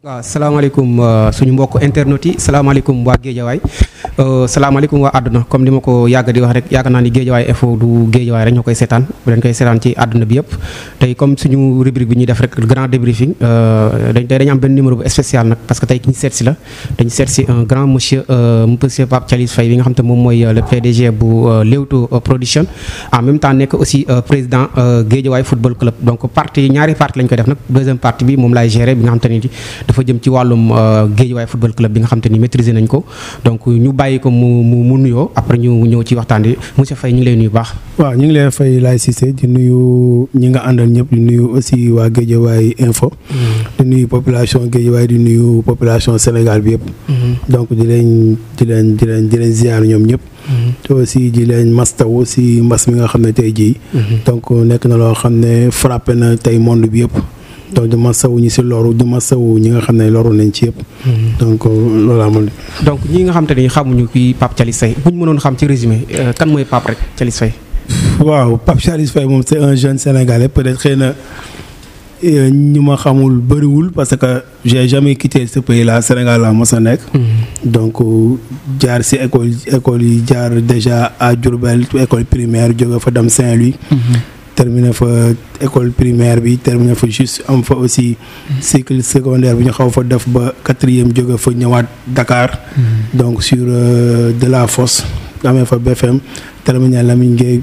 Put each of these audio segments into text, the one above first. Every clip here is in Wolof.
waaw salaamaaleykum euh, suñu mbokk internet yi salaamaaleykum waa Géejawaay Euh, salaamaaleykum waa àdduna comme li ma ko yàgg di wax rek yàgg naa ni géejawaay info du géejawaay rek ñoo koy seetaan dañ koy seetaan ci àdduna bi yëpp tey comme suñu rubrique bi ñuy def rek grand débriefing euh, dañ tey dañu am benn numéro bu spécial nag parce que tey ki ñu seet si la dañu seet si un grand monsieur euh, monsieur Pape Thialis Faye bi nga xam te moom mooy le PDG bu Leewtoo production en même temps nekk aussi président géejawaay football club donc partie ñaari partie lañ koy def nag deuxième partie bi moom laay gérer bi nga xam te ni dafa jëm ci wàllum géejawaay bi nga xam ni maîtriser nañ ko bàyyi ko mu mu mu nuyoo après ñu ñëw ci waxtaan bi monsieur Faye ñu ngi lay nuyu baax. waaw ñu ngi lay fay Laye Cissé di nuyu ñi nga àndal ñëpp di nuyu aussi waa Guédiawaye info. Mm-hmm. di nuyu population Guédiawaye di nuyu population Sénégal bi yëpp. Mm-hmm. donc di leen di leen di leen di ñoom ñëpp. Mm-hmm. aussi di leen mastaw si mbas mi nga xam ne tey jii. donc nekk na loo xam ne frappé na tey monde bi yëpp. donc di masawu ñi si loru di masawu ñi nga xam ne loru nañ ci yëpp. donc euh, loolu amul. donc ñi nga xam te ne xamuñu kii Pape Thialis Faye bu ñu mënoon xam ci résumé euh, kan mooy Pape rek Thialis Faye. waaw Pape Thialis Faye c'est un jeune sénégalais peut-être xëy na euh, ñu ma xamul bëriwul parce que j'ai jamais quitté ce pays là Sénégal laa mos a mm-hmm. donc jaar si école école yi jaar déjà à Diourbel école primaire jóge fa dem Saint-Louis. Mm-hmm. terminé fa euh, école primaire bi terminé fa juste am fa aussi mm-hmm. cycle secondaire bi ñu xaw fa def ba quatrième jóge fa ñëwaat Dakar mm-hmm. donc sur euh, de la fosse amee fa BFM terminé Lamine Gueye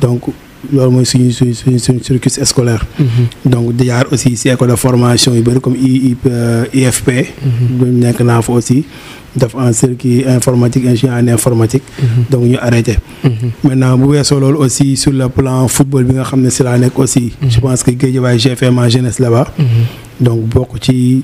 donc loolu mooy suñu suñ suñ suñ scolaire mm-hmm. donc déjà aussi c'est école de formation yu bëri comme IFP euh, ñumu mm-hmm. nekk naa fa aussi def en circuit informatique ingénieur en informatique mm-hmm. donc ñu arrêté maintenant bu weesoo loolu aussi sur le plan football bi nga xam ne si aussi je pense que j'ai fait ma jeunesse là-bas donc beaucoup ci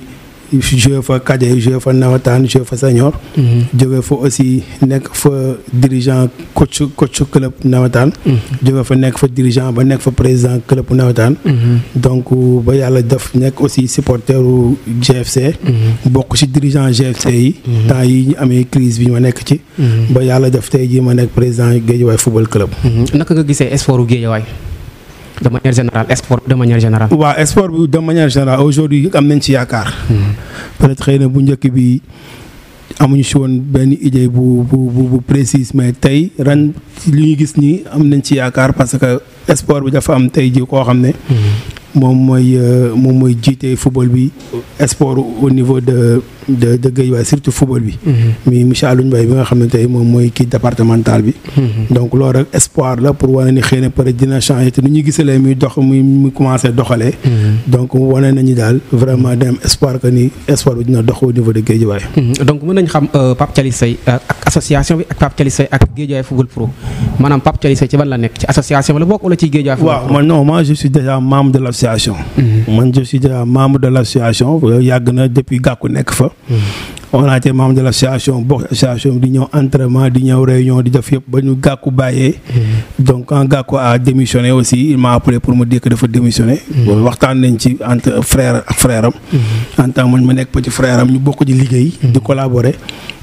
joué fa cadet joué fa nawetaan joué fa senior. Mhm. jóge fa aussi nekk fa dirigeant coach coach club nawetaan. Mhm. jóge fa nekk fa dirigeant ba nekk fa président club nawetaan. Mhm. donc ba yàlla def nekk aussi supporteru GFC. bokk ci dirigeant GFC yi. temps yi ñu amee crise bi ma nekk ci. ba yàlla def tey jii ma nekk président Guédiawaye football club. naka nga gisee espoiru Guédiawaye. de manière générale sport de manière générale. waaw sport bi de manière générale aujourd'hui am nañ ci yaakaar. Hmm. peut xëy na bu njëkk bi amuñu si woon benn idée bu bu bu précise mais tey ren li ñu gis nii am nañ ci yaakaar parce que sport bi dafa am tey ji koo xam ne. Hmm. moom mooy euh, moom mooy jiite football bi sport au niveau de. de de Guédiawaye surtout football bi. mais monsieur Alioune Mbaye bi nga xamné tay mom moy kii départemental bi. donc loolu rek espoir la pour wane ni xéne na dina changer te nu ñu gisalee muy dox muy muy commencé doxalee. donc wane nañu dal vraiment dem espoir que ni espoir bi dina dox au niveau de Guédiawaye. donc mën nañ xam euh, Pape Thialis Seye euh, ak association bi ak Pape Thialis Seye ak Guédiawaye football pro manam Pape Thialis Seye ci ban la nek ci association bi la bokk wala ci football waaw man non moi je suis déjà membre de l'association mhm. man je suis déjà membre de l'association association euh, na depuis gàkku nek fa on a été membre de l'association boxe association di entraînement di ñëw réunion di def yëpp ba ñu donc quand gako a démissionné aussi il m'a appelé pour me dire que dafa démissionner. waxtan nañ ci entre frère ak frère am en tant man ma petit frère am ñu bokku di liguey di collaborer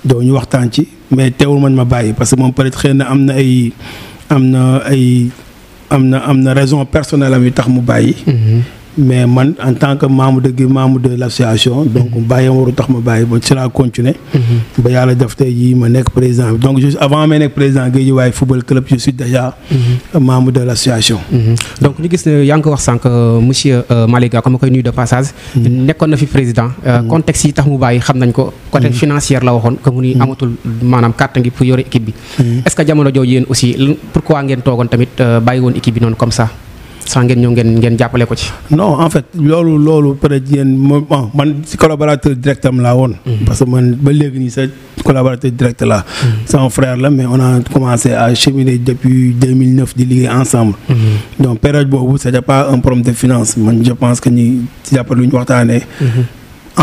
donc ñu waxtan ci mais téwul mañ ma bayyi parce que mon peut-être xëy amna ay amna ay amna amna raison personnelle am tax mu mais man en tant que membre de membre de l'association donc mhm. bàyyi ma waru tax ma bàyyi ba ci laa continuer. Mhm. ba def tey jii ma nekk président donc juste avant mon nekk président Guédiawaye football club je suis déjà. Mhm. membre de l'association donc nous gis ne yaa ngi ko wax sànq euh, monsieur euh, Malika comme ma de passage. nekkoon na fi président. Euh, contexte yi tax mu bàyyi xam ko. côté financier la on comme mu ni amatul maanaam carte ngi pour y équipe bi. est ce que jamono jooju aussi pourquoi ngeen toogoon tamit bàyyi woon équipe bi non comme ça sans non en fait lolo, suis man collaborateur direct am mm-hmm. parce que man suis collaborateur direct c'est mm-hmm. un frère là, mais on a commencé à cheminer depuis 2009 di ensemble. Mm-hmm. donc période ce n'est pas un problème de finances je pense que ñi un lu de finances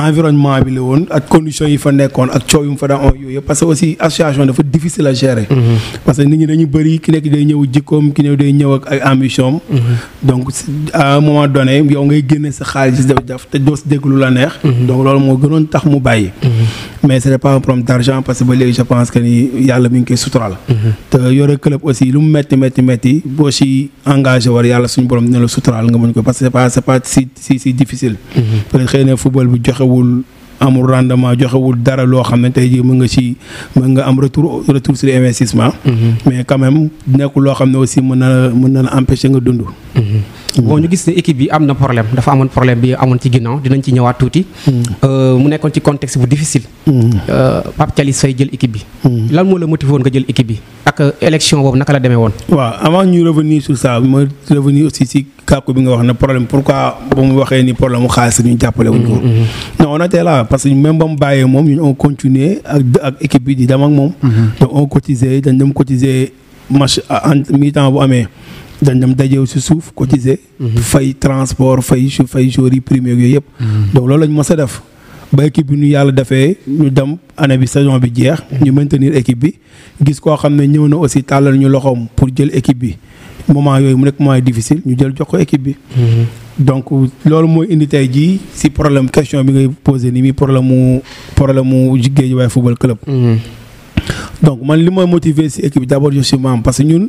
environnement bi la woon ak conditions yi fa nekkoon ak coow yu fa daan on yooyu parce que aussi association dafa difficile à gérer. Mm-hmm. parce que nit ñi dañu bëri ki nekk day ñëw jikkoom ki ñëw day ñëw ak ay mm-hmm. donc à moment donné yow ngay génne sa xaalis daf te doo si dégg lu la neex. Mm-hmm. donc loolu moo gënoon tax mu bàyyi. mais ce n'est pas un problème d'argent parce que ba léegi je pense que ni yàlla mi ngi koy suturaal. Mhm. te yore club aussi lu mu metti metti metti boo si engagé war yàlla suñu borom dina la suturaal nga mën ko parce c'est pas c'est pas si si si difficile. Mhm. peut xëy na football bi joxewul amul rendement joxewul dara loo xam ne tey jii nga ci mën nga am retour retour sur investissement. Mhm. mais quand même nekkul loo xam ne aussi mën na mën na la empêcher nga dund. Mm-hmm. bon ñu gis ne équipe bi am na problème dafa amoon problème bi amoon ci ginnaaw dinañ ci ñëwaat tuuti. Mm-hmm. Euh, mu nekkoon ci contexte bu difficile. Mm-hmm. Euh, pap Thialis fay jël équipe bi. lan moo la motivé woon nga jël équipe bi ak euh, élection boobu naka la demee woon. waaw avant ñu revenir sur ça ma revenir aussi si kàkku bi nga wax ne problème pourquoi bu mu waxee ni problème mu xaalis ñu jàppale wuñ ko. non on était là parce que même ba mu bàyyee moom ñu on continuer ak ak équipe bi di dem ak moom. donc on cotiser dañ dem cotiser match en mi temps bu amee dañ dem dajew ci souf cotiser. Mhm. fay transport fay ci fay jori premier yooyu yëpp. Mhm. donc loolu lañ mës def ba équipe bi ñu yàlla defee ñu dem année bi saison bi jeex. Mhm. ñu maintenir équipe bi gis koo xam ne ñëw na aussi tàllal ñu loxoom pour jël équipe bi moment yooyu mu nekk moment difficile ñu jël jox ko équipe bi. donc loolu mooy indi tey jii si problème question bi ngay posé ni mi problème mu problème mu Guédiawaye football club. donc man li ma motivé si équipe bi d' abord je suis membre parce que ñun.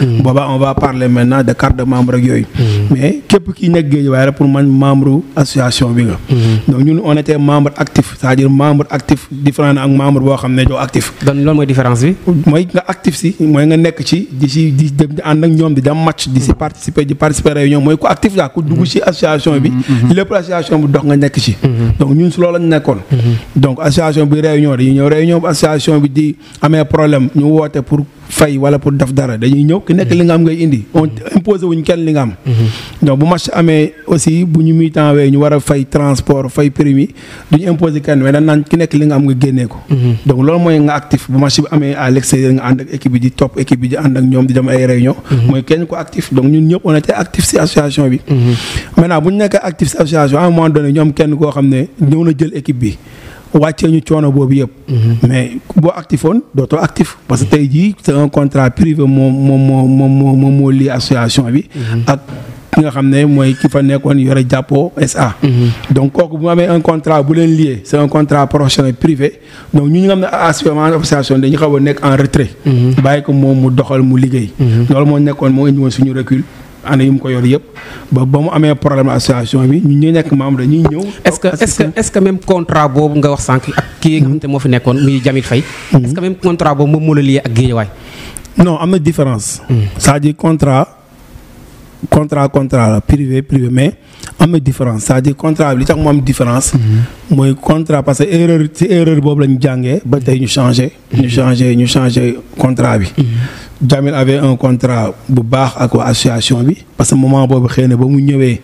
Mm. Baba, on va parler maintenant des cartes de membres ak yooyu mm. mais képp kii nekk Guédiawaye rek pour man membre association bi mm. donc nous, on était membre actif c'est-à-dire membre actif différent ak membre qui xam ne actif donc l'homme mooy différence bi mooy nga actif si moi nga nekk ci di si di dem ak di match di si participer di participer réunion je suis actif daal ku dugg ci association bi mm-hmm, mm-hmm. lépp association bi dox nga nekk ci mm-hmm. donc ñun si loolu lañ nekkoon donc association bi réunion réunion association bi di amee problème ñu woote pour fay wala pour def dara dañuy ñëw ki nekk li nga am ngay indi on wuñ kenn li nga am mhm. donc bu match amee aussi bu ñu mi-temps wee ñu war a fay transport fay primi duñu imposé kenn mais ko mhm. mhm. bu ñu nekkee actif si association à un moment donné ñoom kenn koo xam ne ñëw na jël équipe bi wàccee ñu coono boobu yëpp. Mhm. mais boo actifoon dootoo actif parce que tey jii c'est un contrat privé moom moom moo moom moo moo lii association bi. Mhm. ak ki nga xam ne mooy ki fa nekkoon yore jàppoo SA. Mhm. donc kooku bu ma amee un contrat bu leen lié c'est un contrat professionnel privé donc ñu nga xam ne association dañu xaw a nekk en retrait. bàyyi ko moom mu doxal mu liggéey. loolu moo nekkoon moo indi woon suñu recul ko problème association ñëw. est-ce que est-ce que est-ce que même contrat nga wax mm-hmm. est que contrat lié ak non différence. Ça mm. à contrat contrat contrat privé privé mais a différence cest à contrat li tax différence. Mm-hmm. contrat parce que erreur erreur la jangé ba ñu mm-hmm. contrat Jamil avait un contrat pour baax ak association parce que moment où il na ba mu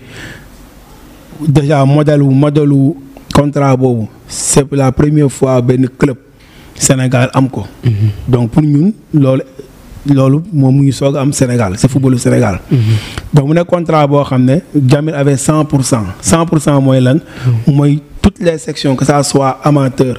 déjà modèle ou contrat c'est la première fois le club Sénégal am ko. Mm-hmm. donc pour nous, c'est le football mu am Sénégal c'est Sénégal. Mm-hmm. donc le contrat bo, Jamil avait 100% 100% cent. cent pour mm-hmm. toutes les sections que ce soit amateur.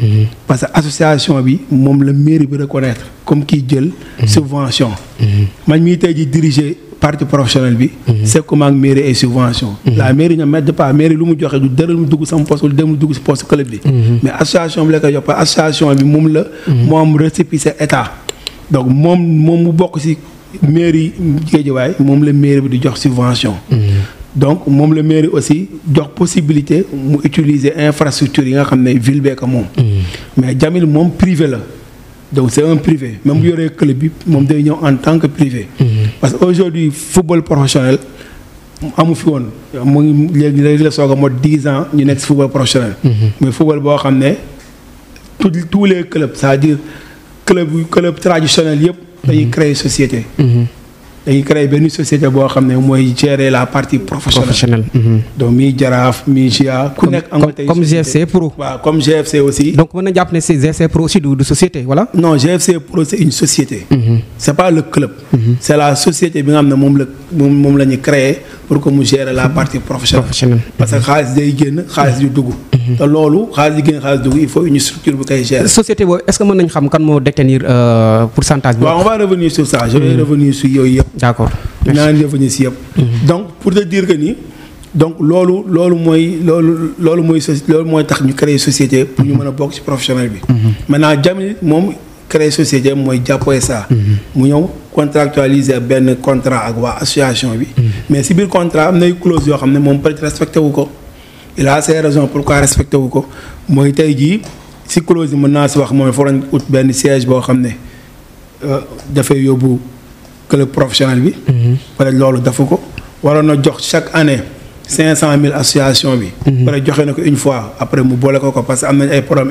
Mm-hmm. parce que association bi moom le maire bi reconnaître comme kii jël mm-hmm. subvention mm-hmm. man mii tey ji diriger parti professionnel bi c'est comment ak mairie et subvention la mairie ne m'aide pas mairie lu mu joxe du dara lu dugg sama poste wala dem lu dugg si poste club mais association bi la koy yoppa association bi moom la moom état donc moom moom mu bokk si mairie Guédiawaye moom le mairie bi di jox subvention donc même le maire aussi la possibilité d'utiliser utiliser infrastructure yi ville Mais mm. mais Jamil gens privé là. donc c'est un privé même si le mm. club bi day en tant que privé. Mm. parce qu'aujourd'hui, le football professionnel amu fi woon a ans ñu suis football professionnel. Mm-hmm. mais le football boo tous les clubs cest à dire club club traditionnel ils créent une société. Mm-hmm. Il créé une société qui xam gérer la partie professionnelle. Mhm. donc mi mi comme GFC Pro. comme GFC aussi. donc vous avez c'est GFC Pro aussi du société voilà. non GFC Pro c'est une société. n'est mhm. pas le club. Mhm. c'est la société que nous avons créée pour que mu gérer la partie professionnelle. parce que xaalis day génn xaalis du dugg. Mhm. te loolu xaalis di génn xaalis il faut une structure pour koy gérer. société est ce que mën nañu xam kan moo détenir euh, pourcentage bi. on va revenir sur ça je vais mhm. revenir sur yooyu D'accord. d' accord naa leen revenir si mhm. donc pour te dire que ni. donc lolu, lolu mooy lolu, lolu mooy lolu loolu mooy tax ñu créer société pour ñu mën a bokk ci professionnel bi. maintenant Jamil moom créer société mooy jàppee ça, mu ñëw contractualiser le contrat ak waa association bi. mais si le contrat am nay clause yoo ne peut respecter respecté wu ko. il a ses raisons pourquoi respecter wu ko mooy tey si clause menace, mën si wax mooy foog nañ ut benn siège au bout ne le que le professionnel bi. wala mhm. loolu dafa ko. waroon jox chaque année. 500 cent mille association bi. Mhm. pour joxe une fois après mu boole ko ko parce que am nañ problèmes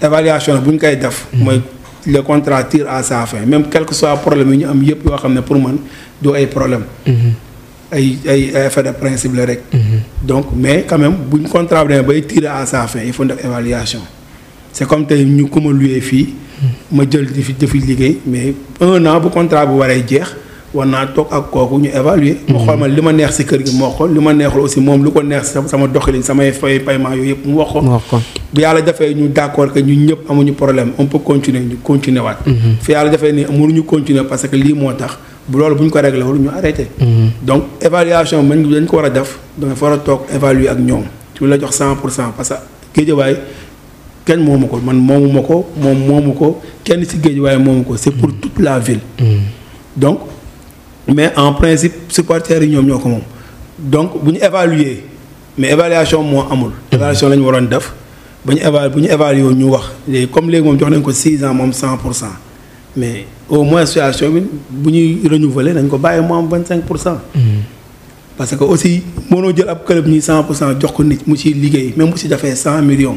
évaluation buñ def. moy mhm. le contrat tire à sa fin même quel que soit problème il ñu am yëpp yo pour man ay problème. Mhm. ay ay effet de principe le rek. Mhm. donc mais quand même buñ le contrat bi à sa fin il faut une évaluation c'est comme tay ñu ku ma lui ma jël di fi mais un an bu contrat bu waree jeex on a toog ak kooku ñu évaluer moi quand même li ma neex si kër gi mu wax aussi moom lu ko neex sama doxalin samay fay paiement yooyu yëpp mu wax ko bu yàlla defee ñu d'accord accord que ñun pas amuñu problème on peut continuer ñu continuer waat mhm. fi yàlla defee ni mënuñu continuer parce que les mois tax bu loolu bu ñu ko réglé ñu arrêté mhm. donc évaluation man dañ ko war d'af def donc il faut a évaluer ak tu su la jox cent parce que géejawaay kenn moomu ko man moomu ma ko moom quel est kenn que géejawaay moomu ko c' c'est pour mhm. toute la ville donc mais en principe ce yi ñoom ñoo donc bu évaluer mais évaluation mo amul. Mmh. évaluation la ñu def évaluer ñu wax comme les gens jox nañ ko 6 ans mom 100 mais au moins situation bi bu renouveler nañ ko baye 25 mmh. parce que aussi mono jël ab club ñi 100 jox ko nit mu ci même ci 100 millions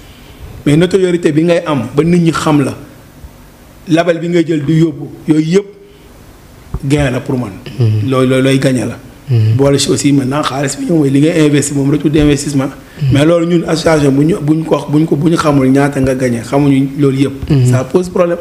mais notoriété bi ngay am ba nit ñi xam la label bi ngay jël du yóbbu yooyu yëpp gain la pour man. Mm-hmm. looy looy gañe la. Mm-hmm. boole si aussi maintenant xaalis bi li ngay investi moom retour d'investissement. Mm-hmm. mais loolu ñun association bu ñu bu ñu ko bu ñu ko bu ñu xamul ñaata nga gagné xamuñu loolu yëpp. ça pose problème.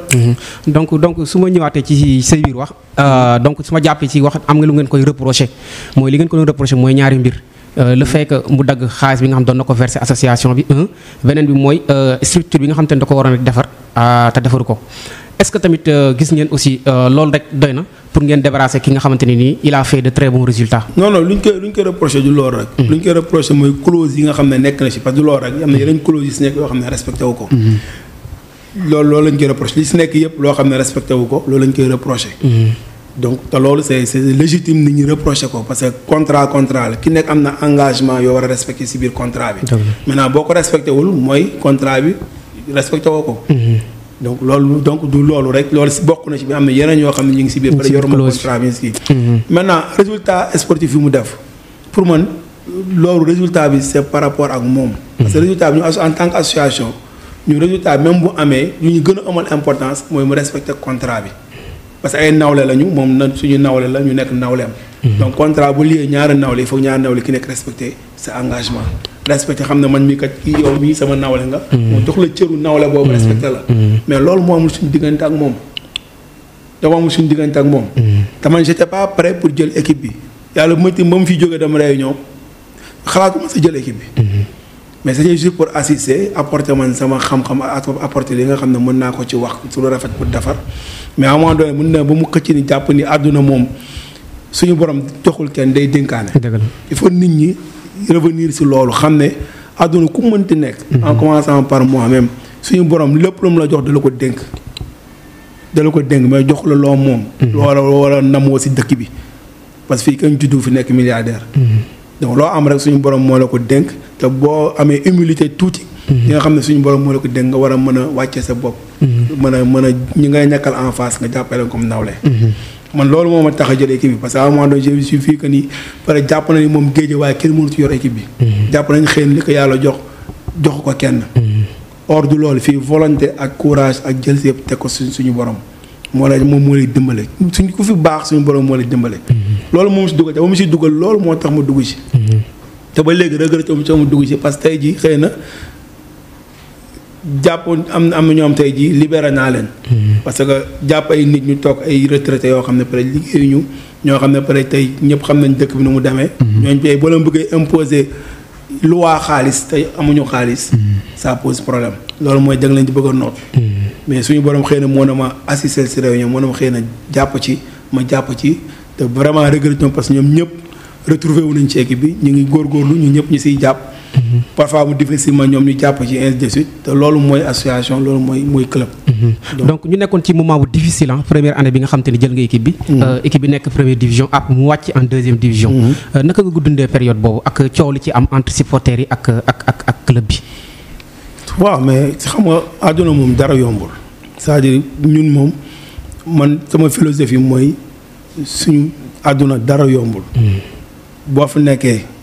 donc donc su ma ñëwaatee ci sa biir wax euh, donc su ma jàppee ci wax am nga lu ngeen koy reproché mooy li ngeen ko doon reproché mooy ñaari mbir. Euh, le fait que mu dag xaalis bi nga xam do nako verser association bi un beneen bi mooy euh, structure bi nga xam da ko defar ah, ta defaru ko est-ce que tamit euh, gis ngeen aussi loolu rek doyna pour ngeen débarrasser ki nga xamante ni il a fait de très bons résultats. non non luñ ko luñ ko reprocher du loolu rek. Mm-hmm. luñ ko reprocher moy clause yi nga xamne ne na ci parce du loolu rek am na mm-hmm. yeneen clause yi si nekk xamne ne respecté wu ko. Mm-hmm. loolu loolu lañ ko reprocher li si yep lo xamne ne respecté wu ko loolu lañ ko reprocher donc c'est c'est légitime de nous reprocher ko parce que contrat contrat qui ki nekk engagement il war respecter respecté si contrat maintenant si vous respecté wul contrat bi respecté ko. Mhm. donc lolu donc du lolu rek lolu si vous na ci bi amna na yeneen yoo xam ne ñu ngi si biir. contrat bi mhm. maintenant résultat sportif yi mu def pour moi, lolu résultat bi par rapport ak mom parce que mhm. résultat en tant qu'association, association ñu résultat même bu amé lu ñu gëna amal importance moy mu respecter contrat bi parce que ay nawle lañu mom na suñu nawle la ñu nekk nawleem. Mhm. donc contrat bu lié ñaara nawle faut ñaara nawle ki nek respecté sa engagement. respecté xamna man mi kat kii yow mii sama nawle nga. Mhm. mo jox la cëru nawle boobu mhm. respecté la. mais lool mo amul suñu diggante ak mom dafa amul suñu diggante ak mom te man j'étais pas prêt pour jël équipe bi yalla mo ma ba fi jógee dama réunion xalaatuma sa jël équipe bi. mais c'était juste pour assister apporter man sama xam-xam apporter li nga xam ne mën naa ko ci wax su lu rafet pour defar. mais à un moment donné mun na ba mu xëcc ni jàpp ni àdduna moom suñu borom joxul kenn day dénkaane. il faut nit ñi revenir si loolu xam ne àdduna ku mënti nekk. Mhm. en commençant par mois même suñu borom lépp lu mu la jox dala ko dénk. dala ko dénk mais jox la loo moom. Mhm. loola loola namoo si dëkk bi parce que fii kañ juddu fi nekk milliardaire. Mhm. donc loo am rek suñu borom moo la ko dénk te boo amee humilité tuuti. li mm-hmm. nga xam ne suñu borom moo la ko a a wàccee sa bopp. Mm-hmm. mën a mën a ñi ngay ñàkkal en face nga jàppale mm-hmm. ma a jël équipe bi parce que à un moment donné je suis fii que ni pare jàpp na ni moom géej waaye lay dimbale suñ ku fi baax suñu borom moo lay dimbale. loolu moom si dugal te mu si dugal loolu moo tax ma dugg si. te ba léegi regretté mu dugg si parce que xëy na jàppoon am na am ñoom tey jii libéré naa leen. Mm-hmm. parce que jàpp ay nit ñu toog ay retraité yoo xam ne peut être liggéeyuñu ñoo xam ne peut tey ñëpp xam nañ dëkk bi nu mu demee. Mm-hmm. ñooñu tey boo leen bëggee imposer loi xaalis tey amuñu xaalis. Mm-hmm. ça pose problème loolu mooy da nga leen di bëgg a noot. mais suñu borom xëy na moo na ma assister si réunion moo na ma xëy na jàpp ci ma jàpp ci te vraiment regretté parce que ñoom ñëpp retrouvé wu nañ ci équipe bi ñu ngi góorgóorlu ñu ñëpp ñu siy jàpp. parfois mu difficilement ñoom ñu jàpp ci ainsi de suite te loolu mooy association loolu moy mooy club. Mhm. donc ñu nekkoon ci moment bu difficile ah première année bi nga xam te jël nga équipe bi. Mhm. Euh, équipe bi nekk première division ab ah, mu wàcc en deuxième division. Mhm. Euh, naka nga ko dundee période boobu ak coow li ci am entre supporters yi ak ak ak ak club bi. waaw mais xam nga àdduna moom dara yombul c'est-à-dire ñun moom man sama philosophie mooy suñu àdduna dara yombul. boo fa nekkee.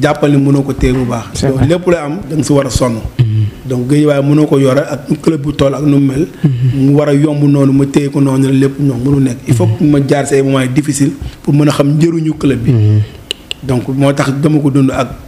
jàppale mënoo ko téye bu baax. donc lépp la am da nga si war a sonn. donc Guédiawaye mënoo ko yore ak nu club bu toll ak nu mu mel. mu war a yomb noonu ma téye ko noonu lépp ñoom mënu nekk. il faut ma jaar say moments difficile pour mën a xam njëriñu club bi. Mhm. donc moo tax dama ko dund ak.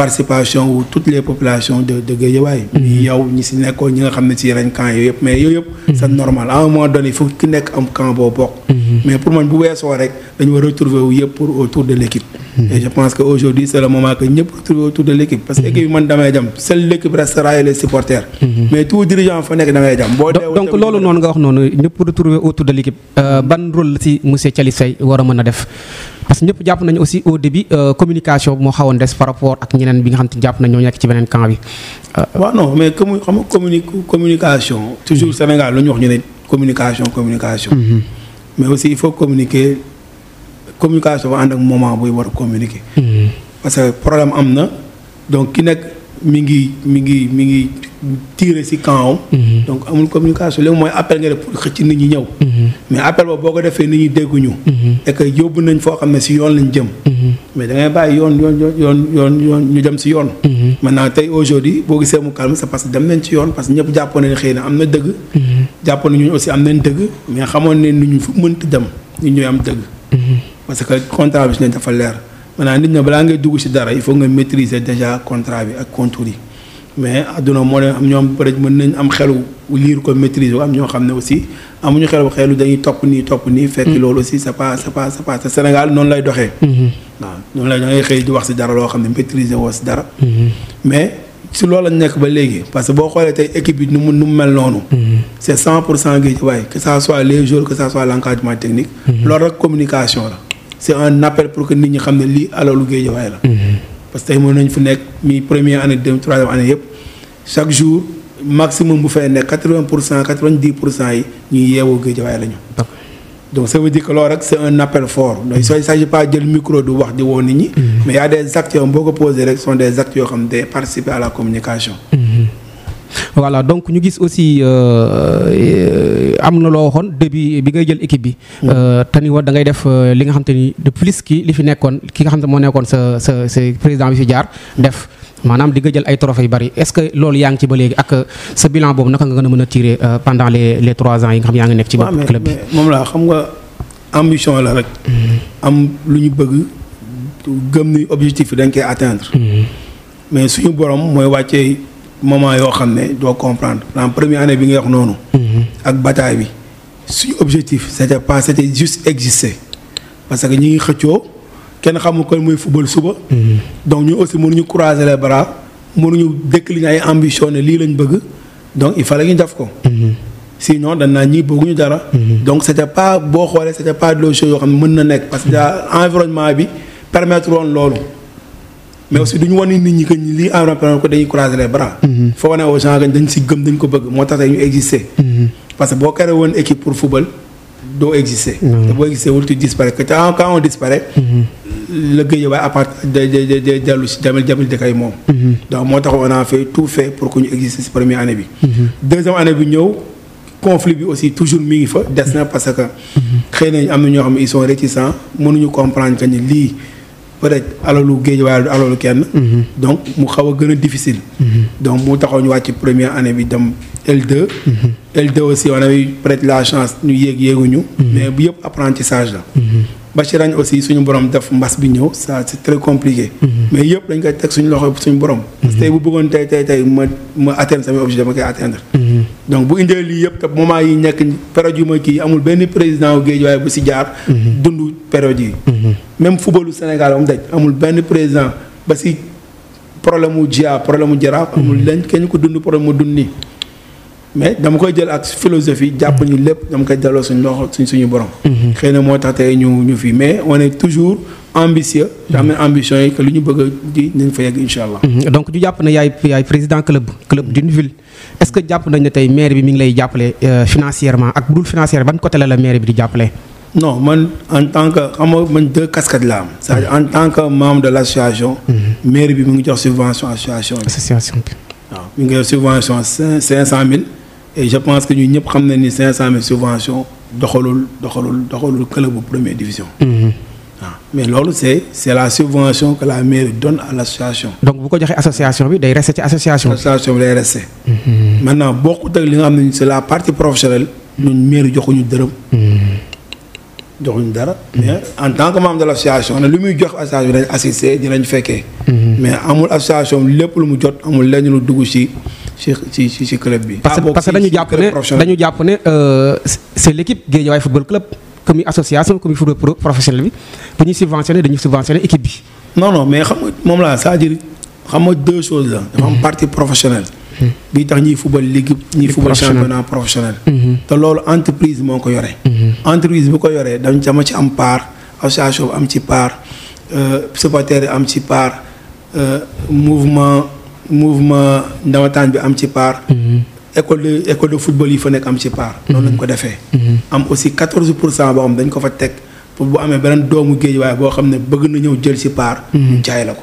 participation ou toutes les populations de de il mm-hmm. yow ñi si nekkoon ñi nga ne si yeneen mais yooyu ça mm-hmm. c'est normal à un moment donné il faut ki nekk am camp mm-hmm. mais pour moi bu weesoo rek dañu war retrouver pour autour de l'équipe et je pense qu'aujourd'hui c'est le moment que ñëpp retrouver autour de l'équipe parce que équipe bi man damay l'équipe restera et les supporters mais tout dirigeant fa nekk damay jam donc loolu noonu nga wax noonu ñëpp retrouver autour de l'équipe euh, ban rôle si monsieur Thialy Faye war parce que ñëpp jàpp nañu aussi au début euh, communication bi moo xawoon des par rapport ak ñeneen bi nga xam te jàpp na ñoo nekk ci beneen camp bi. Euh, waaw non mais communication. toujours Sénégal lu ñu wax ne communication communication. Mhm. mais aussi il faut communiquer communication ba ànd ak moment buy war a communiquer. Mhm. parce que problème am na donc ki nekk mi ngi mi ngi mi ngi. tiire si camp mhm. donc amul communication léegi mooy appel nga def pour xëcc nit ñi ñëw. Mhm. mais appel boobu bogo ko defee nit ñi dégguñu. Mhm. et que yóbbu nañ foo xam ne si yoon lañ jëm. mais da ngay bàyyi yoon yoon yoon yoon yoon ñu dem si yoon. maintenant tey aujourd'hui boo gisee mu calme c'est parce que dem nañ ci yoon parce que ñëpp jàppoon nañ xëy na am na dëgg. jàppoon nañ aussi am nañ dëgg mais xamoon ne ni ñu fu mënti dem ñu ñooy am dëgg. parce que contrat bi si ne dafa leer maintenant nit ñi balaa ngay dugg si dara il faut nga maîtriser déjà contrat bi ak contours yi mais à y a des gens qui ont am ko maîtriser am ñoo xamné aussi mm. aussi ñu dañuy top ni c'est pas c'est pas Sénégal non lay doxee. Mm-hmm. waaw que lay xey di wax ci dara lo maîtriser dara. Mm-hmm. mais si la nekk ba parce que bo xolé tay équipe bi nu mu mm-hmm. c'est 100% que ça soit les joueurs que ça soit l'encadrement technique. leur communication la. c'est un appel pour que nit ñi xamné li la parce que tey mën nañ fu nekk mi première année deuxième troisième année chaque jour maximum bu fay nek 80%, 90% pour cent quatre donc ça veut dire que c'est un appel fort donc il s'agit pas jël micro du wax di wo nit ñi. Mm-hmm. mais y a des acteurs qui poser rek sont des acteurs qui participent à la communication. Mm-hmm voilà donc ñu gis aussi euh, euh, am na loo waxoon début bi ngay jël équipe bi. euh tani wa da ngay def euh, li nga xam te de plus ki li fi nekkoon ki nga xam mo moo nekkoon sa ce président bi fi jaar def. manam di nga jël ay trophées bari est-ce que loolu yaa ngi ci ba légui ak ce bilan bobu naka nga gën a tirer pendant les les 3 ans yi nga xam yaa nekk ci club bi mom la xam nga ambition la rek. Mm-hmm. am luñu bëgg gëm ni objectif yi dañ koy atteindre. Mm-hmm. mais suñu borom moy wacce moment yo xamné do comprendre en première année bi nga wax nonou mhm. ak bataille bi suñu objectif c'était pas c'était juste exister parce que ñi ngi xëccoo kenn xamul ko moy football suba. Mhm. donc ñu aussi ñu croiser les bras mënuñu décliner ay ambition ne lii lañ bëgg donc il fallait ñu def ko. Mhm. sinon dañ ñi ñii ñu dara. donc c'était pas bo xolé c'était pas de loo yoo xam ne mën na parce que environnement bi permettre lolu mais aussi du ñu nit ñi que li lii enrompe ko dañuy croiser les bras. Mm-hmm. foo wone aux gens que dañ ci gëm dañ ko bëgg mo tax ñu exister. Mm-hmm. parce que bo carré woon équipe pour football do exister. Mm-hmm. te boo exister wul tu disparaît que quand on disparaît. le Guédiawaye à apart de de de dellu si Jamil Jamil Dëkkay moom. donc moo tax on a fait tout fait pour que ñu exister si première année bi. deuxième année bi ñëw conflit bi aussi toujours mi ngi fa des na parce que. xëy am na ñoo xam ils sont réticents mënu ñu comprendre que ni lii peut-être alalu géej waaye du mhm. donc mu xaw a difficile. Mhm. donc mu taxaw ñu wàcc première année bi dem L2. Mhm. L2 aussi on a eu peut la chance ñu yéeg yéeguñu. mais bu yëpp apprentissage la. ba ci aussi suñu borom def mbass bi ñëw ça c'est très compliqué. mais yépp dañ koy tek suñu loxo suñu borom. parce que bu bëggon tay tay tay ma ma atteindre sama objectif dama koy atteindre. donc bu indee li yépp te moment yi ñek période yu ma ki amul benn président géej waaye bu ci jaar. dund période yi. même footballu Sénégal am daj amul benn président ba si problème mu jia problème mu jaraaf. amul mhm. lenn kenn ko dund problème mu dund nii. mais dama koy jël ak philosophie jàpp ñu lépp dama koy delloo suñu loxo suñ suñu borom. Mhm. xëy na moo tax tey ñu ñu fii mais on est toujours ambitieux. daa mhm. am ambition yi que lu ñu bëgg di nañ fa yegg incha donc ñu jàpp na yaay yaay président club club d'une ville est ce que jàpp nañ ne tey maire bi mi ngi lay jàppale euh, financièrement ak bu dul financière ban côté la la maire bi di jàppale non man en tant que membre de deux en tant que membre de l'association. Mhm. mairie bi mu subvention À l'association, association Une subvention à 500 000. et je pense que nous avons xam 000 ni cinq cent mille subvention club première division. Mhm. mais c'est c'est la subvention que la mairie donne à l'association. donc vous ko association oui. day rester ci association l'association. association bi mhm. maintenant beaucoup de gens nga xam c'est la partie professionnelle. ñun mairie joxuñu Mhm. mais en tant que membre de l'association on a association mhm. mais amul association lu club parce que ah, parce que dañu euh, c'est l'équipe de football club comme association comme football professionnel bi de subventionner subventionné non non mais xam nga dire deux choses Je mhm. partie professionnelle. Mhm. bi tax ñi football ligue ñi football championnat professionnel. Mhm. te loolu entreprise moo ko yore. Mhm. entreprise bu ko yoree dañ dama ci am part association bi am ci part euh, supporters yi am ci part euh, mouvement mouvement ndawataan bi am ci part. école de école de football yi fa nekk am ci part. noonu lañ ko defee. am aussi 14 pour cent boo xam dañ ko fa teg pour bu amee beneen doomu géej waaye boo xam ne bëgg na ñëw jël ci part. ñu jaay la ko.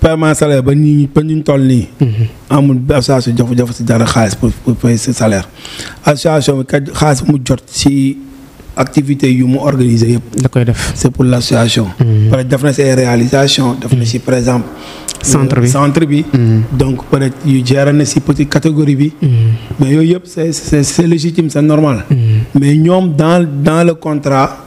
paiement salaire ba ñu ñu mm-hmm. amul pour salaire association mu jot activité yu pour l'association mm-hmm. def na mm-hmm. par exemple. centre euh, centre bi. donc pour yu gérer na catégorie légitime c'est normal. mais dans dans le contrat.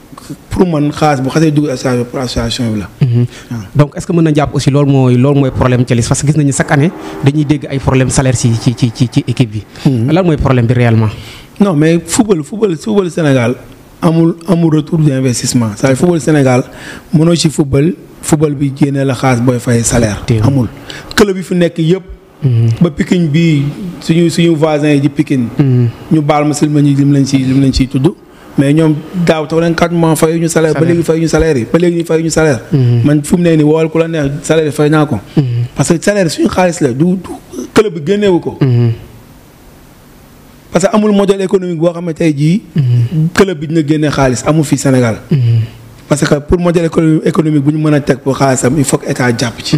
pour mon cas, bu xasee dugg pour association situation mhm. donc est-ce que mën na aussi loolu mooy loolu mooy problème Thialis parce que gis nañu chaque année dañuy dégg ay problème salaire ci ci ci équipe bi. Mhm. lan problème réellement. non mais football football football Sénégal amul amul retour d'investissement cest le football football Sénégal Mon ci football football bi génne la xaalis booy fay salaire. amul club yi fi nekk yëpp. Mhm. ba Pikine bi suñu suñu voisin yi di Pikine. ñu bal ma si li lim lañ ci lim lañ ciy tudd. mais ñoom daaw toog nañ quatre mois fayuñu salaire ba léegi fayuñu salaire yi ba léegi ñu salaire mhm. man fu mu ne nii woowal ku la neex salaire fay naa ko mhm. parce que salaire suñu xaalis la du du club bi génneewu ko mhm. parce que amul modèle économique boo xam ne tey jii club bi dina génne xaalis amul fii Sénégal parce que pour modèle économique bu ñu mën a teg pour xaalisam il faut que jàpp ci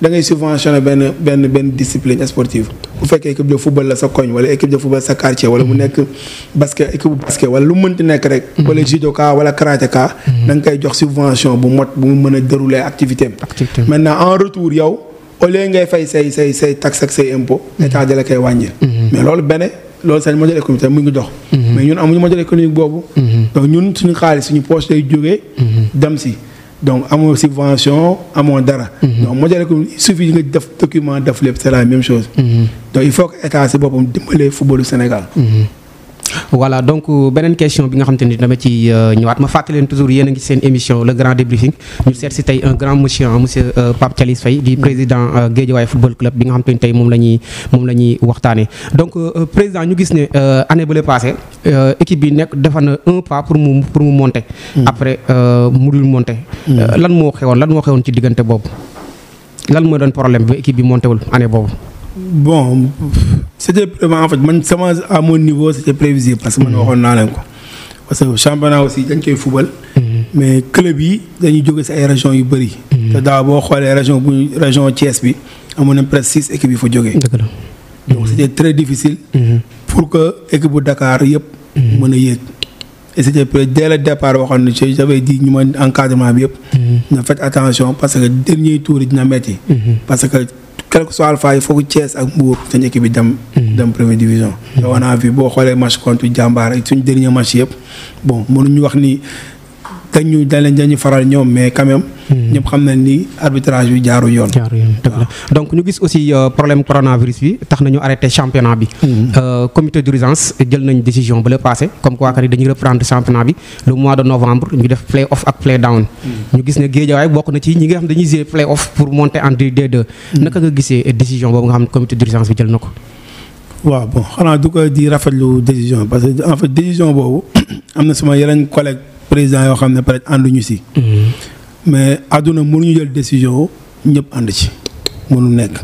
da ngay subventionné benn benn benn discipline sportive bu fekkee équipe de football la sa koñ wala équipe de football sa quartier wala mu mhm. nekk basket équipe bu basket wala lu mënti nekk rek. Mhm. wala judoka wala karatéka. Mhm. jox subvention bu mot bu mu mën a dérouler activité am. maintenant en retour yow au lieu ngay fay say say say taxe ak say impôt. état da la koy wàññil. mais loolu benn loolu seen modèle économique tamit mu ngi dox. mais ñun amuñu modèle économique boobu. donc donc mon subvention mon dara. Mhm. donc il suffit def document def flip, la même chose. Mhm. donc il faut que pour le football du Sénégal. Mhm. voilà donc une euh, question bi euh, toujours une émission le grand débriefing Nous un grand monsieur hein, monsieur euh, Pape Faye président football club bi nga donc président nous avons euh, équipe bi nek defar na un pas pour mu pour mu monter. Hmm. après euh, mu dul monter. Hmm. Euh, lan mo xewoon lan mo xewoon ci diggante bob lan mo don problème bi équipe bi monté wul année bob bon c'était vraiment euh, en fait man sama à mon niveau c'était prévisible parce que man hmm. waxon na len ko parce que championnat aussi dañ koy fubal. mais club yi dañuy joggé ci ay région yu bari te da bo xolé région bu région Thiès bi amone na presque six équipes yu fa jógee. donc c'était très difficile. pour que équipe bu Dakar yëpp. Mm-hmm. mën a yéeg. et c' était dès le départ waxoon na ci j'avais ñu ma encadrement bi yëpp. Mm-hmm. na fait attention parce que dernier tour yi dina metti. Mm-hmm. parce que quel soit alpha il faut ak Mbour seen équipe bi dem. dem première division. te on a boo xoolee match contre jàmbaar suñ dernier match yëpp bon mënuñu wax ni. dañ ñu dañ dañu faral ñoom mais quand même. Hmm. xam nañ ni arbitrage bi jaaru yoon. jaaru yoon donc ñu gis aussi euh, problème coronavirus bi tax nañu arrêté championnat bi. Hmm. Euh, comité d'urgence jël nañ décision ba le comme que ni dañuy reprendre championnat play off ak play down. Hmm. ñu gis ne Guédiawaye bokk na ci ñi nga xam dañuy gisee play off pour monter en D2. naka nga gisee décision boobu nga xam ne d'urgence bi jël na ko. waaw bon xanaa du ko di rafetlu président yoo xam ne peut être ànduñu si. Mm-hmm. mais àdduna mënuñu jël décision ñëpp ànd ci mënu nekk.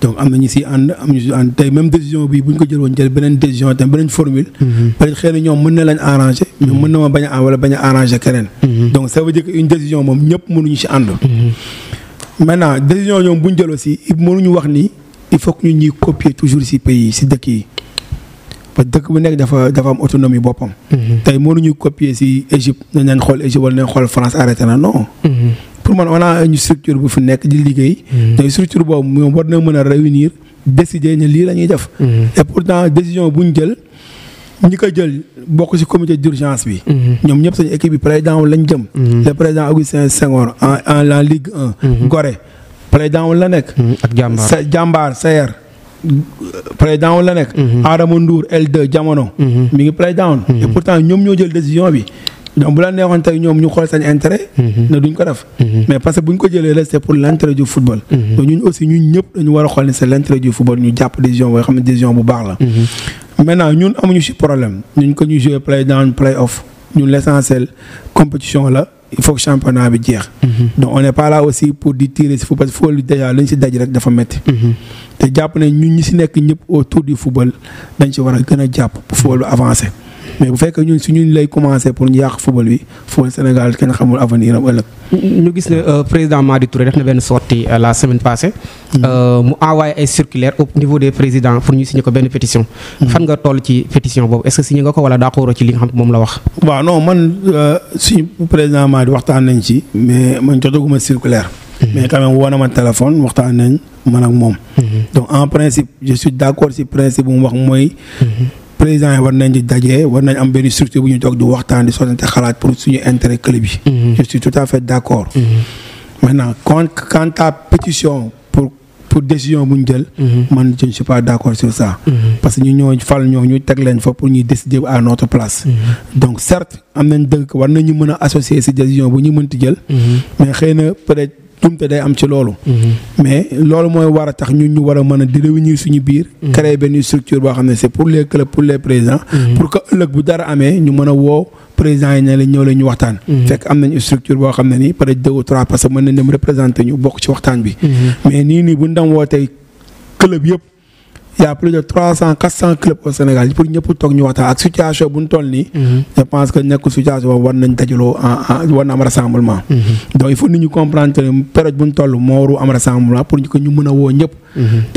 donc am na ñu si ànd am ñu si ànd tey même décision bi bu ñu ko jël woon jël beneen décision tam beneen formule. Mm-hmm. peut être xëy na ñoom mën na lañ arrangé. mais mën na ma bañ a wala bañ a arrangé keneen. Mm-hmm. donc ça veut dire que une décision moom ñëpp mënuñu si ànd. maintenant décision ñoom bu ñu jël aussi mënuñu wax ni il faut que ñu ñuy copier toujours si pays si dëkk yi parce que dëkk bu nekk dafa dafa am autonomie boppam. Mhm. tey mënuñu copier si Égypte nañ leen xool Égypte wala nañ xool France arrêté na non. Mhm. pour man on a une structure bu fi nekk di liggéey. Mhm. tey structure boobu moom war na mën réunir décider ne lii la ñuy def. et pourtant décision bu ñu jël. ñi ko jël bokk ci comité d'urgence bi. ñom ñep sañu équipe bi président lañ jëm. le président Augustin Senghor en en en Ligue 1. Goré président la nek ak Jambar sa jàmbaar Sayer playdown la nek mhm. Adama L2 jamono. Mhm. mi ngi playdown. Mhm. et pourtant ñom ñoo jël décision bi. donc bu la neexon tay ñom ñu xol sañ intérêt. na duñ ko def. mais parce que buñ ko jëlé rek c' pour l'intérêt du football. donc ñun aussi ñun ñëpp dañu wara a xool ne c' du football ñu japp décision boo xamné décision bu baax la. maintenant ñun amuñu ci problème ñun ko ñu jouer play down play off ñun l'essentiel compétition la il faut que le championnat veut dire mhm. donc on n'est pas là aussi pour di ce faut football parce que football déjà lu ñu si les japonais dafa métti. Mhm. te jàpp nous autour du football nous si war a gën a pour football avancer mais vous faites ñun nous ñun lay commencé pour ñu football bi football Sénégal kenn xamul avenir am ëllëg. ñu gis euh, président Madi Touré def na benn sortie euh, la semaine passée. Mm-hmm. Euh, mu envoyé un circulaire au niveau des présidents pour ñu signer ko pétition. Mm-hmm. fan nga toll ci pétition est ce que signé nga ko wala daa ko ci li nga xam moom la wax. président Madi Touré mais ci mais man jotaguma circulaire. Mm-hmm. mais quand même woo na ma téléphone je suis man ak moom. donc en principe je suis d'accord sur si principe mu wax président yi war nañ di on war nañ am benn structure bu ñu toog di waxtaan di sottante xalaat pour suñu intérêt club yi. Mm-hmm. je suis tout à fait d'accord. Mm-hmm. maintenant quand quand ta pétition pour pour décision bu ñu jël. Mm-hmm. man je ne suis pas d'accord sur ça. parce que ñu ñoo fal ñoo ñu tek leen fa pour ñuy décider à notre place. donc certes am nañ dënk war nañu mëna a associer si décision bu ñu mënti jël. mais xeyna peut-être. jumte day am ci loolu. Mm-hmm. mais loolu mooy war a tax ñun ñu war a mën a di suñu biir. Mm-hmm. créer benn structure boo xam ne c' pour les clubs pour les présidents. Mm-hmm. pour que ëllëg bu dara amee ñu mën a woo présidents yi ne ñëw la waxtaan. fekk am nañu structure boo xam ne nii peut être deux ou trois parce que représenter ñu bokk ci waxtaan bi. mais nii nii bu ñu dem wootee club yëpp. y' a plus de trois au Sénégal pour ñëpp toog ñu ak situation bu ñu toll mhm. je pense que nekkul situation war nañ na am rassemblement. Mhm. donc il faut nit ñu comprendre que période bu ñu toll moo waru am rassemblement pour que ñu mën a woo mhm.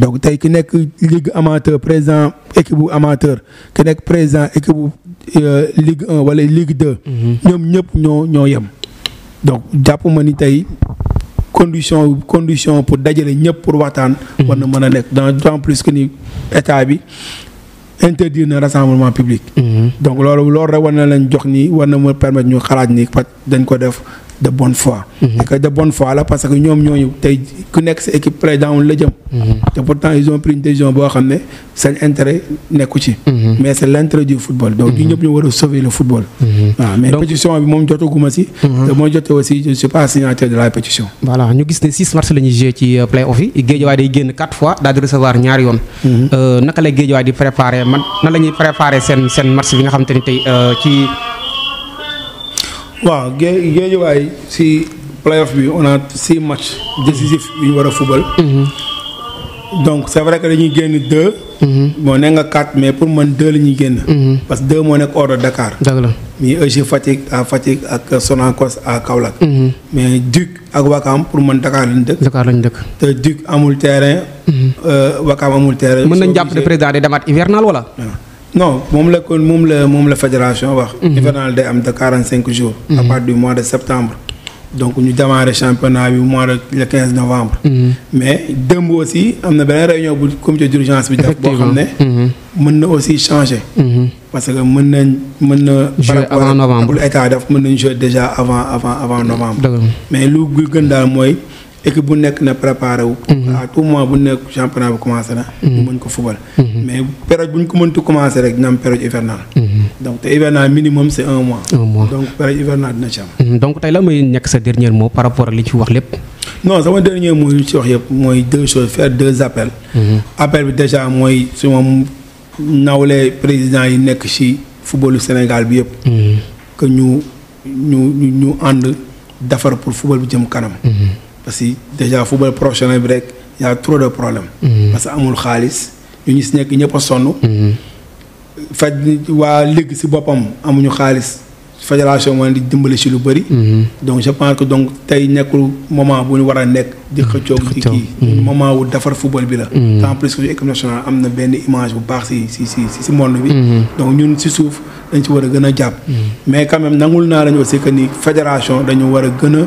donc tey ki nekk ligue amateur président équipe bu amateur ki nekk président équipe bu euh, ligue un wala ligue deux. ñoom ñëpp ñoo ñoo yem donc jàpp ma ni conditions conditions pour d'ailleurs les pour watan mhm. war na dans plus que ni état interdire le rassemblement public. Mhm. donc rek na jox ni war na permettre ñu de bonne foi. Mhm. et que de bonne foi là, parce que nous ñooñu tey ku nekk sa équipe play down jëm. Mhm. et pourtant ils ont pris une décision boo xam C'est l'intérêt intérêt nekku ci. Mhm. mais c'est l'intérêt du football. donc nous ñëpp ñu sauver le football. waaw mais pétition bi moom jotaguma si. te moo jotee aussi je ne suis pas signataire de la pétition. voilà nous gis ne 6 mars la Niger joué ci euh, play off yi Guédiawaye day génn 4 fois daal di recevoir ñaari yoon. Euh, naka la Guédiawaye di préparé man nan préparé cette seen qui bi nga euh, ci. waaw gée géejuwaay si playoff bi on a six matchs décisifs yu ñu war a fubal. Mhm. donc c' est vrai que dañuy génn deux. moo mhm. ne nga kat mais pour man deux la ñuy génn. Mhm. parce que deux moo nekk hors dakaar Dakar. dëgg la muy EG Fatick à Fatick ak Sonacos à Kaolack. mais Duc ak Wakam pour man dakaar lañu dëkk. Dakar lañ dëkk. te Duc amul terrain. Euh, Wakam amul terrain. mën nañ jàpp ne président day damat hivernal wala. non moom la la la fédération wax. Mhm. hivernal day am de quarante jours. à mhm. partir du mois de septembre. donc ñu démarrer championnat bi mois le 15 novembre. Mhm. mais mois aussi on a une réunion bu comité d'urgence bi. def boo aussi changé parce que mën avons mën na. avant novembre par rapport déjà avant avant avant novembre. mais lu gën le et que vous na préparé pas mhm. à tout championnat commencer mhm. le mhm. mais période période donc minimum c'est un mois. donc période hivernale déjà. donc dernier mot par rapport à li ci wax un non dernier mot deux choses faire deux appels. appel déjà président yi si football Sénégal que nous nous nous pour football parce que déjà football professionnel bi rek y' a trop de problèmes. Mhm. parce que amul xaalis ñu ñu si nekk ñëpp a sonn. Mhm. faj waa ligue si boppam amuñu Khalis, fédération on leen di dimbali le lu mhm. donc je pense que donc tay nekul moment bu ñu war a di xëccoog di kii moment wu dafar football bi la. en plus que équipe nationale amna ben image bu baax si si si si monde bi. donc ñun ci souf dañ ci wara a gën mais quand même nangul naa lañu aussi que ni fédération dañu wara a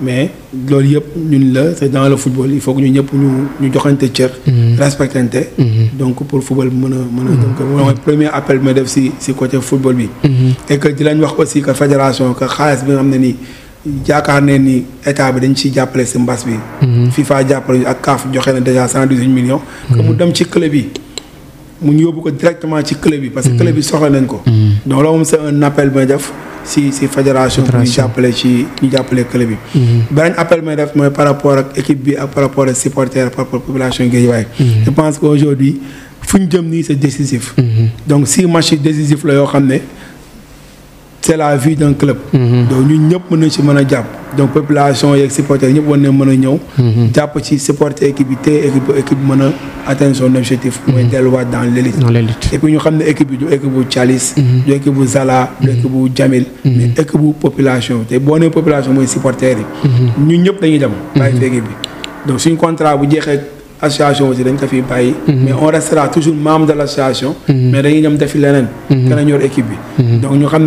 mais loolu yëpp ñun la c'est dans le football il faut que ñu ñëpp ñu ñu joxante cër. Mm-hmm. respectante. Mm-hmm. donc pour football mën a mën a. Mm-hmm. donc mooy premier appel ma def si si côté football bi. et que di lañ wax aussi que fédération que xaalis bi nga xam ne nii jaakaar ne ni état bi dañ ci jàppale si mbas bi. FIFA jàppale ak CAF joxe na déjà cent dix millions. que mu dem ci club bi mu yóbbu ko directement ci club bi. parce que club bi soxla nañ ko. donc loolu moom c'est un appel ma def si si fédération bi ñu jàppale ci ñu jàppale club bi mhm. beneen appel def par rapport à l'équipe, bi par rapport aux supporters par rapport population Guédiawaye mhm. je pense qu'aujourd'hui, c'est décisif mhm. donc si le match est décisif c'est la vie d'un club. Mhm. donc ñun ñëpp mën nañ si mën donc population et supporters ñëpp war nañ mën a ñëw. Mhm. jàpp ci supporter équipe équipe équipe atteindre son objectif. mooy mhm. delluwaat dans l'élite. dans l'élite et puis ñu xam équipe bi équipe bu Thialis. du équipe bu Zala. du équipe bu Jamil. mais équipe bu population et boo population mooy supporters nous ñun ñëpp dañuy dem. bàyyi fi équipe bi donc contrat bu jeexee. association aussi dañ ko fi bàyyi mais on restera toujours membre de l'association mais dañuy dem defi leneen kan a ñor équipe bi donc ñu xam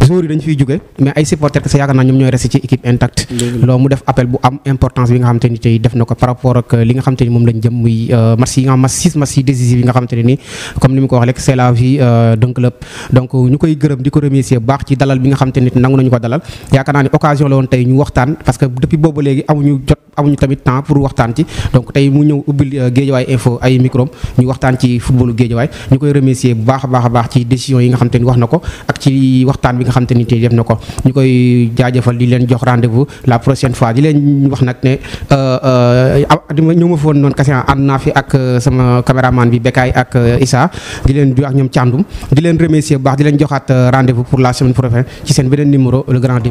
joueurs dañ fiy jóge mais ay supporters kese yaakaar naa ñoom ñooy resté ci équipe intacte loolu mu def appel bu am importance bi nga xamante ni tey def na ko par rapport ak euh, li nga xamante ni moom lañ jëm muy euh, match yi nga xam match six match yi nga xamante ne ni comme ni mu ko wax rek c'est la vie euh, d'un donc ñu koy gërëm di ko remercier baax ci dalal bi nga xamante ni nangu nañu ko dalal yaakaar occasion la woon tey ñu waxtaan parce que depuis boobu léegi amuñu tamit temps pour waxtaan ci donc tey mu ñëw ubbil euh, géejawaay info ay micro ñu waxtaan ci footballu géejawaay ñu koy remercier bu baax a baax a baax ci décision yi nga xam te ni wax na ko ak ci waxtaan bi nga xam te ni def na ko ñu koy jaajëfal di leen jox rendez-vous la prochaine fois di leen wax nag ne euh, euh, ñëw ma fi woon noonu kase ànd naa fi ak sama caméraman bi Bekaay ak Issa di leen du ak ñoom càndum di leen remercier bu baax di joxaat rendez-vous pour la semaine prochaine ci seen beneen numéro le grand